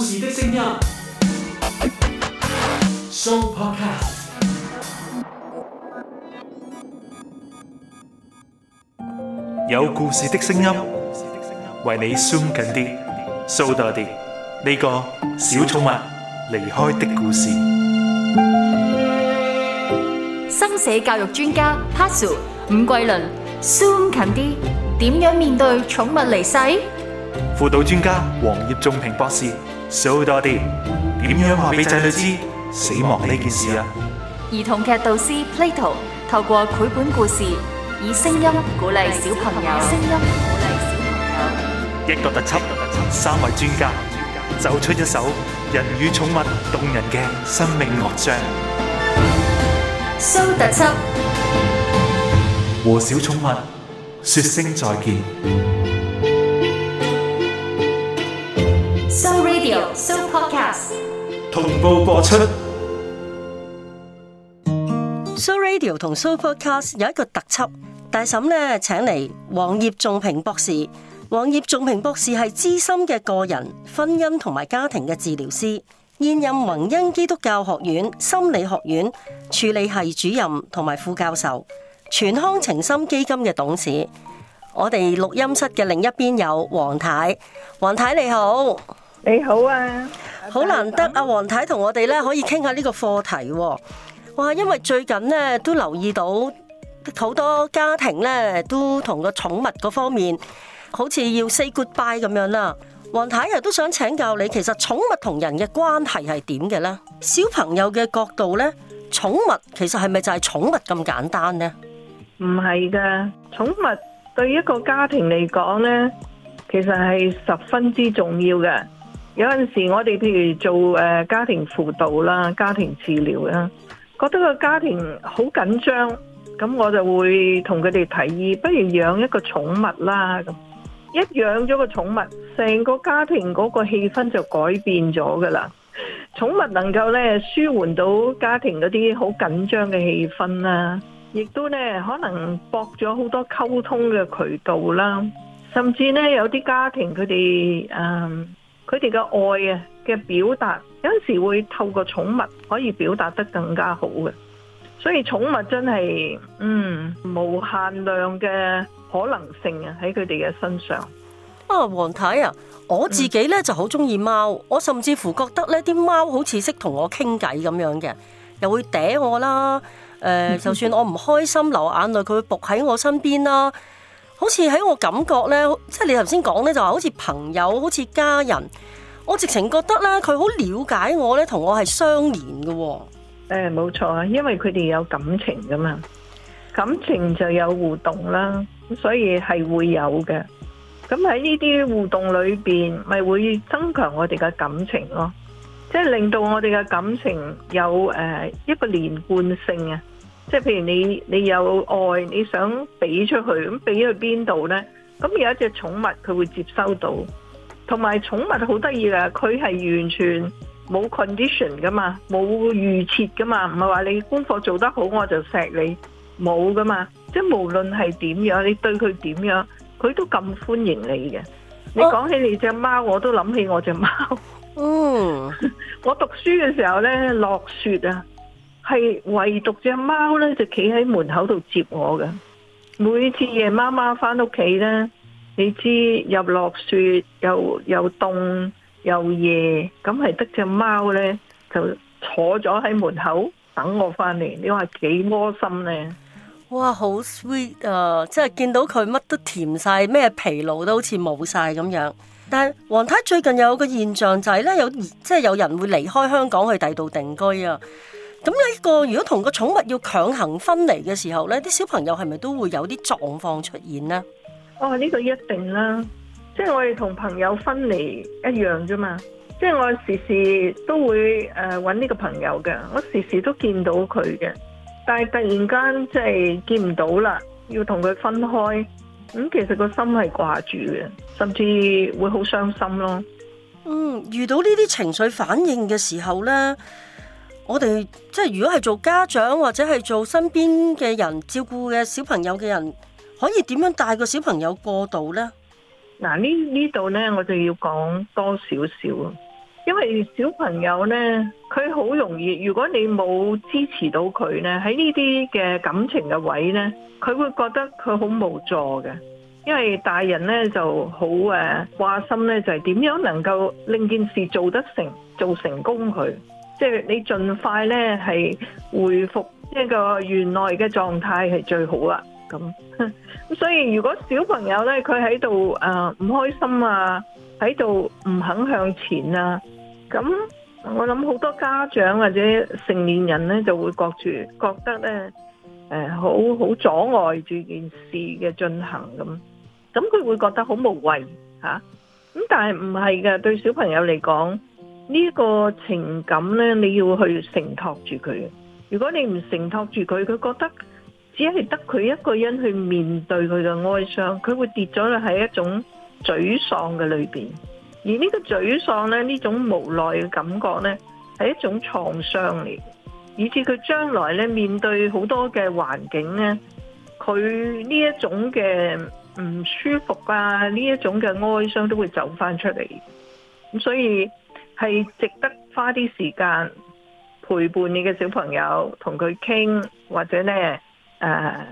故事的聲音，Show Podcast，有故事的聲音，為你 Zoom 近啲，Show 多啲。呢個小寵物離開的故事，生死教育專家 Pasu 伍桂麟 Zoom 近啲，點樣面對寵物離世？輔導專家黃葉仲萍博士。收多啲，點樣話俾仔女知死亡呢件事啊？兒童劇導師 Plato 透過繪本故事，以聲音鼓勵小朋友。聲音鼓勵小朋友。一個特輯，三位專家走出一首人與寵物動人嘅生命樂章。收特輯，和小寵物說聲再見。So Radio，So Podcast 同步播出。So Radio 同 So Podcast 有一個特輯，大嬸咧請嚟黃葉仲平博士。黃葉仲平博士係資深嘅個人、婚姻同埋家庭嘅治療師，現任宏恩基督教學院心理學院助理系主任同埋副教授，全康情心基金嘅董事。我哋錄音室嘅另一邊有黃太，黃太你好。你好啊，好難得阿黃太同我哋咧可以傾下呢個課題，哇！因為最近咧都留意到好多家庭咧都同個寵物嗰方面，好似要 say goodbye 咁樣啦。黃太又都想請教你，其實寵物同人嘅關係係點嘅咧？小朋友嘅角度咧，寵物其實係咪就係寵物咁簡單咧？唔係噶，寵物對於一個家庭嚟講咧，其實係十分之重要嘅。有陣時我哋譬如做誒家庭輔導啦、家庭治療啦，覺得個家庭好緊張，咁我就會同佢哋提議，不如養一個寵物啦。一養咗個寵物，成個家庭嗰個氣氛就改變咗㗎喇。寵物能夠咧舒緩到家庭嗰啲好緊張嘅氣氛啦，亦都咧可能駁咗好多溝通嘅渠道啦，甚至咧有啲家庭佢哋誒。嗯佢哋嘅愛啊嘅表達有陣時會透過寵物可以表達得更加好嘅，所以寵物真係嗯無限量嘅可能性啊喺佢哋嘅身上。啊，黃太啊，我自己呢、嗯、就好中意貓，我甚至乎覺得呢啲貓好似識同我傾偈咁樣嘅，又會嗲我啦。誒、呃，嗯、就算我唔開心流眼淚，佢會伏喺我身邊啦。好似喺我感覺咧，即係你頭先講咧，就話好似朋友，好似家人，我直情覺得咧佢好了解我咧，同我係相連嘅。誒，冇錯啊，因為佢哋有感情㗎嘛，感情就有互動啦，所以係會有嘅。咁喺呢啲互動裏邊，咪會增強我哋嘅感情咯，即係令到我哋嘅感情有誒一個連貫性啊！即係譬如你你有愛，你想俾出去，咁俾去邊度呢？咁有一隻寵物佢會接收到，同埋寵物好得意啦，佢係完全冇 condition 噶嘛，冇預設噶嘛，唔係話你功課做得好我就錫你，冇噶嘛。即係無論係點樣，你對佢點樣，佢都咁歡迎你嘅。你講起你隻貓，我都諗起我隻貓。嗯， 我讀書嘅時候呢，落雪啊。係唯獨隻貓咧就企喺門口度接我嘅，每次夜媽媽翻屋企咧，你知又落雪又又凍又夜，咁係得隻貓咧就坐咗喺門口等我翻嚟。你話幾窩心咧？哇，好 sweet 啊！即係見到佢乜都甜晒，咩疲勞都好似冇晒咁樣。但係黃太最近有個現象就係咧，有即係有人會離開香港去第二度定居啊。咁呢一個如果同個寵物要強行分離嘅時候，呢啲小朋友係咪都會有啲狀況出現呢？哦，呢個一定啦，即係我哋同朋友分離一樣啫嘛。即係我時時都會誒揾呢個朋友嘅，我時時都見到佢嘅，但係突然間即係見唔到啦，要同佢分開，咁、嗯、其實個心係掛住嘅，甚至會好傷心咯。嗯，遇到呢啲情緒反應嘅時候呢。我哋即係如果係做家長或者係做身邊嘅人照顧嘅小朋友嘅人，可以點樣帶個小朋友過渡咧？嗱，呢呢度咧我就要講多少少，因為小朋友咧佢好容易，如果你冇支持到佢咧，喺呢啲嘅感情嘅位咧，佢會覺得佢好無助嘅，因為大人咧就好誒掛心咧就係點樣能夠令件事做得成做成功佢。即係你盡快咧，係恢復一個原來嘅狀態係最好啦。咁咁，所以如果小朋友咧，佢喺度啊唔開心啊，喺度唔肯向前啊，咁我諗好多家長或者成年人咧就會覺住覺得咧，誒好好阻礙住件事嘅進行咁，咁佢會覺得好無謂嚇。咁、啊、但係唔係嘅。對小朋友嚟講，呢個情感呢，你要去承托住佢。如果你唔承托住佢，佢覺得只係得佢一個人去面對佢嘅哀傷，佢會跌咗喺一種沮喪嘅裏邊。而呢個沮喪呢，呢種無奈嘅感覺呢，係一種創傷嚟。以至佢將來呢，面對好多嘅環境呢，佢呢一種嘅唔舒服啊，呢一種嘅哀傷都會走翻出嚟。咁所以，係值得花啲時間陪伴你嘅小朋友，同佢傾或者呢，誒、呃，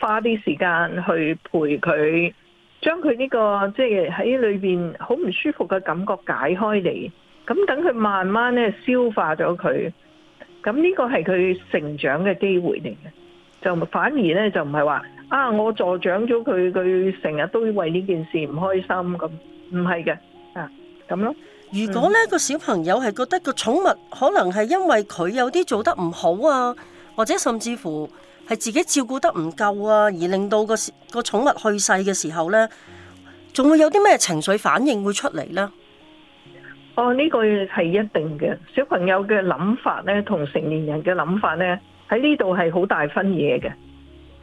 花啲時間去陪佢，將佢呢個即係喺裏邊好唔舒服嘅感覺解開嚟，咁等佢慢慢呢消化咗佢，咁呢個係佢成長嘅機會嚟嘅，就反而呢，就唔係話啊，我助長咗佢，佢成日都為呢件事唔開心咁，唔係嘅啊，咁咯。如果咧個小朋友係覺得個寵物可能係因為佢有啲做得唔好啊，或者甚至乎係自己照顧得唔夠啊，而令到個個寵物去世嘅時候呢，仲會有啲咩情緒反應會出嚟呢？哦，呢個係一定嘅。小朋友嘅諗法呢，同成年人嘅諗法呢，喺呢度係好大分野嘅。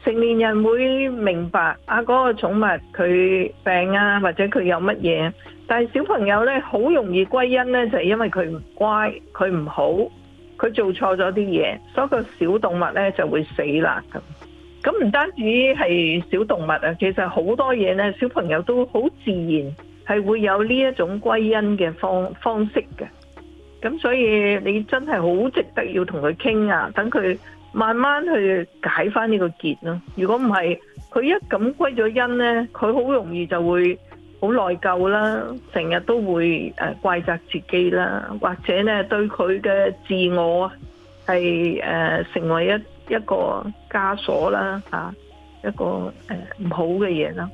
成年人會明白啊，嗰個寵物佢病啊，或者佢有乜嘢。但係小朋友呢，好容易歸因呢，就係因為佢唔乖，佢唔好，佢做錯咗啲嘢，所以個小動物呢就會死啦咁。咁唔單止係小動物啊，其實好多嘢呢，小朋友都好自然係會有呢一種歸因嘅方方式嘅。咁所以你真係好值得要同佢傾啊，等佢。慢慢去解翻呢個結咯。如果唔係，佢一噉歸咗因呢，佢好容易就會好內疚啦，成日都會誒怪責自己啦，或者呢對佢嘅自我係誒成為一一個枷鎖啦，嚇一個誒唔好嘅嘢啦。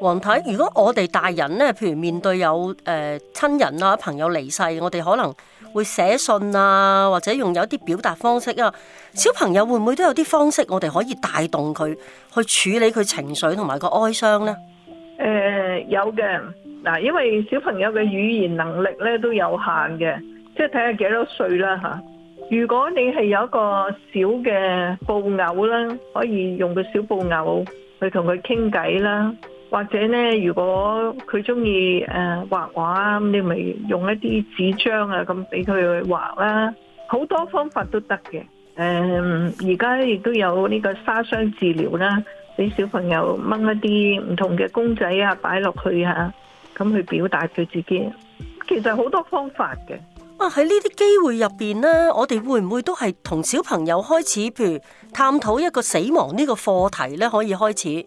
黃太，如果我哋大人咧，譬如面對有誒親人啦、朋友離世，我哋可能會寫信啊，或者用有一啲表達方式啊。小朋友會唔會都有啲方式，我哋可以帶動佢去處理佢情緒同埋個哀傷呢？誒，有嘅。嗱，因為小朋友嘅語言能力咧都有限嘅，即係睇下幾多歲啦吓。如果你係有一個小嘅布偶啦，可以用個小布偶去同佢傾偈啦。或者咧，如果佢中意誒畫畫啊，咁、呃、你咪用一啲紙張啊，咁俾佢去畫啦，好多方法都得嘅。誒、呃，而家亦都有呢個沙箱治療啦，俾小朋友掹一啲唔同嘅公仔啊，擺落去啊，咁去表達佢自己。其實好多方法嘅。啊，喺呢啲機會入邊咧，我哋會唔會都係同小朋友開始，譬如探討一個死亡這個課呢個課題咧，可以開始？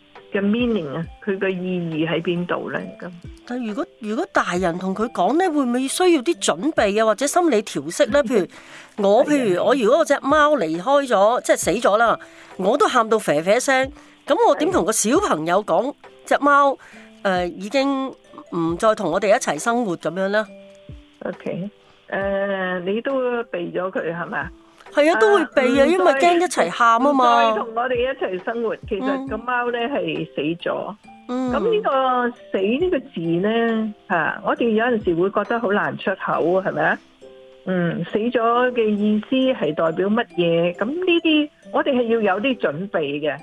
嘅 meaning 啊，佢嘅意義喺邊度咧？咁但係如果如果大人同佢講咧，會唔會需要啲準備啊，或者心理調適咧？譬如我譬如我如果隻貓離開咗，即係死咗啦，我都喊到肥肥聲，咁我點同個小朋友講隻貓誒已經唔再同我哋一齊生活咁樣咧？OK，誒你都避咗佢係咪？係啊，都會避啊，嗯、因為驚一齊喊啊嘛。同、嗯、我哋一齊生活，其實個貓咧係死咗。咁呢、嗯、個死呢個字咧、吓、啊、我哋有陣時會覺得好難出口，係咪啊？嗯，死咗嘅意思係代表乜嘢？咁呢啲我哋係要有啲準備嘅。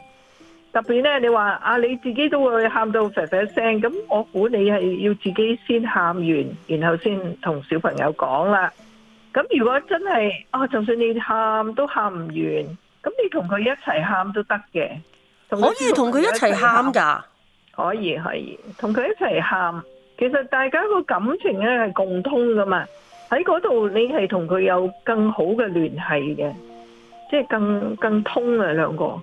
特別咧，你話啊，你自己都會喊到肥肥聲，咁我估你係要自己先喊完，然後先同小朋友講啦。咁如果真係啊，就算你喊都喊唔完，咁你同佢一齊喊都得嘅，可以同佢一齊喊噶，可以可以同佢一齊喊。其實大家個感情咧係共通噶嘛，喺嗰度你係同佢有更好嘅聯繫嘅，即係更更通啊兩個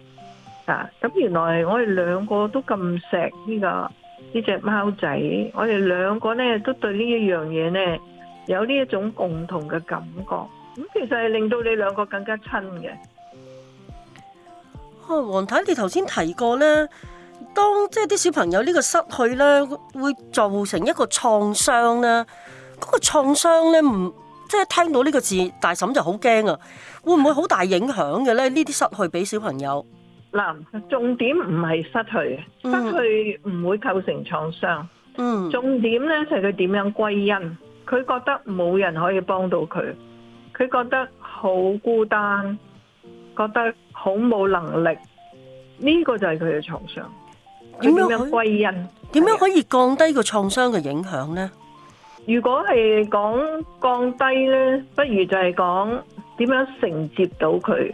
啊。咁原來我哋兩個都咁錫呢個呢隻貓仔，我哋兩個咧都對呢一樣嘢咧。有呢一種共同嘅感覺，咁其實係令到你兩個更加親嘅。阿黃太，你頭先提過咧，當即係啲小朋友呢個失去咧，會造成一個創傷咧。嗰個創傷咧，唔即係聽到呢個字，大嬸就好驚啊！會唔會好大影響嘅咧？呢啲失去俾小朋友嗱，重點唔係失去，失去唔會構成創傷。嗯，重點咧就係佢點樣歸因。佢覺得冇人可以幫到佢，佢覺得好孤單，覺得好冇能力，呢個就係佢嘅創傷。佢點樣歸因？點樣可以降低個創傷嘅影響呢？如果係講降低呢，不如就係講點樣承接到佢，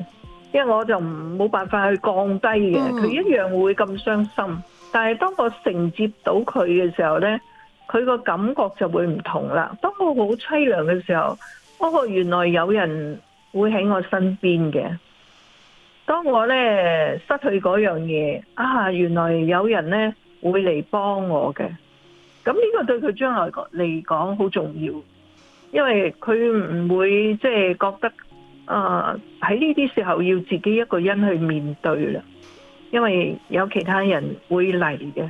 因為我就冇辦法去降低嘅，佢一樣會咁傷心。但係當我承接到佢嘅時候呢。佢個感覺就會唔同啦。當我好凄涼嘅時候，不過原來有人會喺我身邊嘅。當我咧失去嗰樣嘢，啊，原來有人咧會嚟幫我嘅。咁呢個對佢將來嚟講好重要，因為佢唔會即係、就是、覺得啊喺呢啲時候要自己一個人去面對啦，因為有其他人會嚟嘅。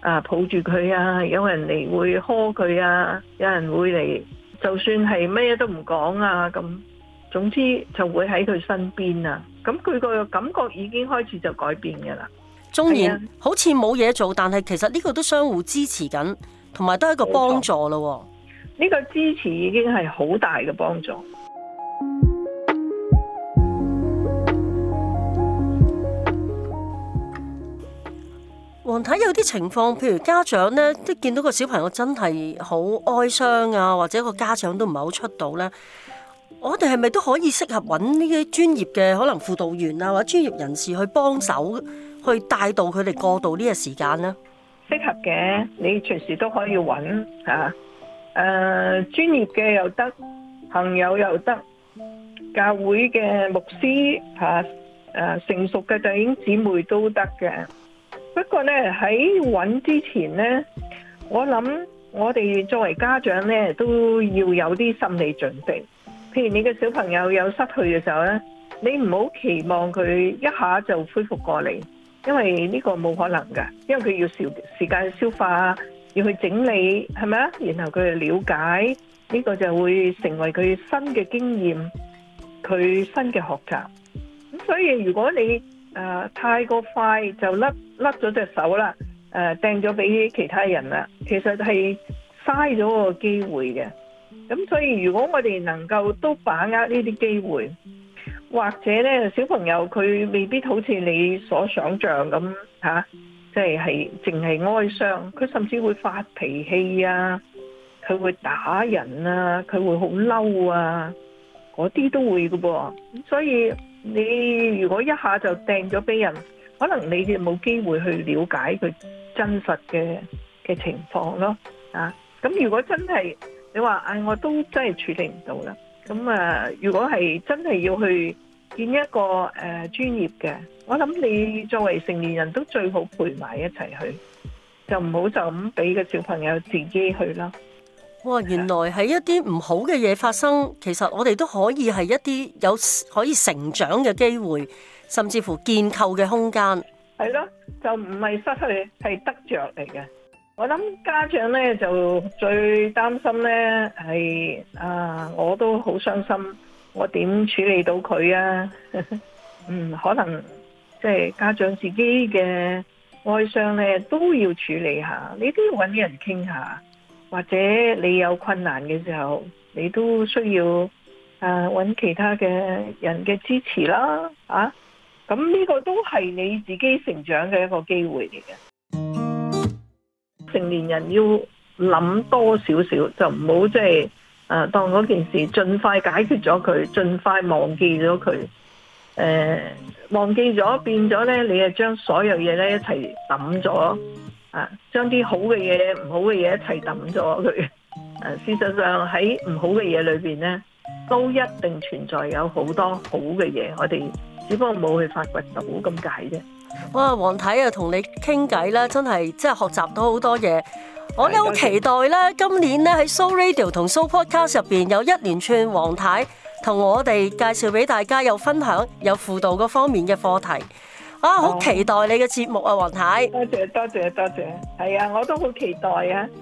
啊，抱住佢啊！有人嚟會呵佢啊，有人會嚟，就算係咩都唔講啊，咁總之就會喺佢身邊啊。咁佢個感覺已經開始就改變噶啦。縱然于、啊、好似冇嘢做，但係其實呢個都相互支持緊，同埋都係一個幫助咯。呢助、哦、個支持已經係好大嘅幫助。黃太，有啲情況，譬如家長咧都見到個小朋友真係好哀傷啊，或者個家長都唔係好出到咧，我哋係咪都可以適合揾呢啲專業嘅可能輔導員啊或者專業人士去幫手去帶導佢哋過渡呢個時間呢？適合嘅，你隨時都可以揾吓，誒、啊、專業嘅又得，朋友又得，教會嘅牧師吓，誒、啊、成熟嘅弟兄姊妹都得嘅。不過呢，喺揾之前呢，我諗我哋作為家長呢，都要有啲心理準備。譬如你嘅小朋友有失去嘅時候呢，你唔好期望佢一下就恢復過嚟，因為呢個冇可能噶。因為佢要時間消化，要去整理係咪啊？然後佢去了解呢個就會成為佢新嘅經驗，佢新嘅學習。所以如果你誒、呃，太過快就甩甩咗隻手啦，誒、呃，掟咗俾其他人啦，其實係嘥咗個機會嘅。咁所以如果我哋能夠都把握呢啲機會，或者呢，小朋友佢未必好似你所想象咁吓，即係係淨係哀傷，佢甚至會發脾氣啊，佢會打人啊，佢會好嬲啊，嗰啲都會㗎噃、啊，所以。你如果一下就掟咗俾人，可能你嘅冇機會去了解佢真實嘅嘅情況咯，啊！咁如果真係你話唉、哎，我都真係處理唔到啦，咁啊，如果係真係要去見一個誒、呃、專業嘅，我諗你作為成年人都最好陪埋一齊去，就唔好就咁俾個小朋友自己去咯。哇！原來係一啲唔好嘅嘢發生，其實我哋都可以係一啲有可以成長嘅機會，甚至乎建構嘅空間。係咯，就唔係失去，係得着嚟嘅。我諗家長咧就最擔心咧係啊，我都好傷心，我點處理到佢啊？ 嗯，可能即係家長自己嘅哀傷咧都要處理下，呢啲要揾啲人傾下。或者你有困難嘅時候，你都需要誒揾、啊、其他嘅人嘅支持啦，啊！咁呢個都係你自己成長嘅一個機會嚟嘅。 成年人要諗多少少，就唔好即係誒當嗰件事，盡快解決咗佢，盡快忘記咗佢。誒、呃、忘記咗變咗咧，你就將所有嘢咧一齊抌咗。將啲好嘅嘢，唔好嘅嘢一齊抌咗佢。 事實上喺唔好嘅嘢裏邊呢，都一定存在有好多好嘅嘢，我哋只不過冇去發掘到咁解啫。哇，黃太啊，同你傾偈啦，真係即係學習到好多嘢。是我哋好期待啦謝今年呢，喺 So Radio 同 So Podcast 入邊有一連串黃太同我哋介紹俾大家，有分享有輔導各方面嘅課題。啊，好期待你嘅節目啊，黃太！多謝多謝多謝，係啊，我都好期待啊。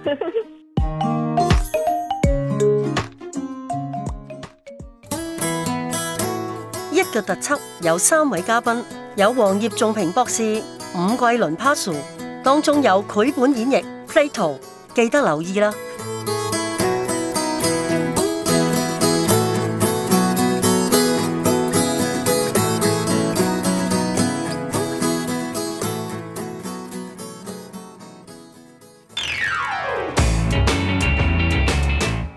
一個特輯有三位嘉賓，有黃葉仲平博士、伍桂倫 p a s 當中有繪本演繹 ，plato 記得留意啦。